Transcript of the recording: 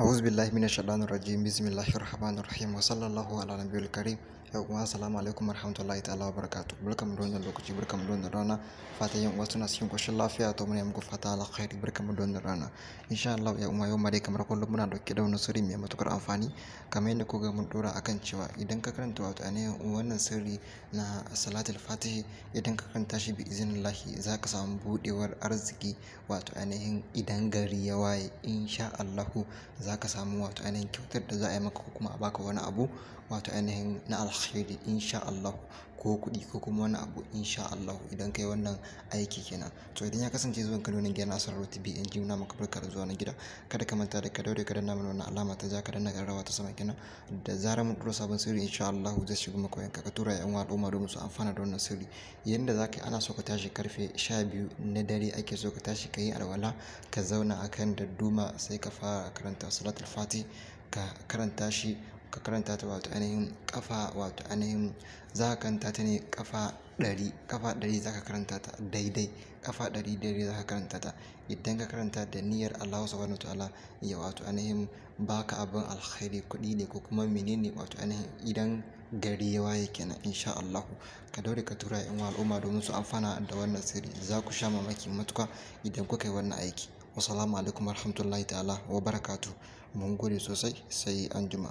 أعوذ بالله من الشيطان الرجيم بسم الله الرحمن الرحيم وصلى الله على النبي الكريم yau kuma assalamu alaikum warahmatullahi ta'ala wabarakatuh barkamu da wannan lokaci barkamu da wannan rana fata yan uwa suna cikin koshin lafiya to muna muku fata alkhairi barkamu da wannan rana insha Allah ya umma yau ma kamar kullum muna dauke da wani sirri mai matukar amfani kamar yadda ku ga mun dora akan cewa idan ka karanta wato ainihin wannan sirri na salatul fatihi idan ka karanta shi bi iznillahi za ka samu budewar arziki wato ainihin idan gari ya waye insha Allah za ka samu wato ainihin kyautar da za a yi maka ko kuma a baka wani abu wato ainihin na alkhairi alkhairi insha Allah ko kuɗi ko kuma wani abu insha Allah idan kai wannan aiki kenan to idan ya kasance zuwan ka nonin gidan Asar Road BN ji na maka barka da zuwa na gida kada ka manta da ka daure ka danna mana wannan alama ta ja ka danna rawa ta sama kenan da zarar mun ɗora sabon sirri insha Allah zai shigo maka yanka ka tura yan wado ma domin amfana da wannan sirri yanda zaka ana so ka tashi karfe sha biyu na dare ake so ka tashi ka yi alwala ka zauna akan da duma sai ka fara karanta salatul fati ka karanta shi ka karanta ta wato ainihin kafa wato ainihin za ka karanta ta ne kafa ɗari kafa ɗari za ka karanta ta daidai kafa ɗari daidai za ka karanta ta idan ka karanta da niyyar Allah subhanahu ta'ala ya wato ainihin baka abin alkhairi kuɗi ne ko kuma menene wato ainihin idan gari ya waye kenan insha Allah ka daure ka tura yan al'umma domin su amfana da wannan sirri za ku sha mamaki matuka idan kuka yi wannan aiki alamu alaikum warahmatullahi ta'ala wa barakatu mun gode sosai sai anjima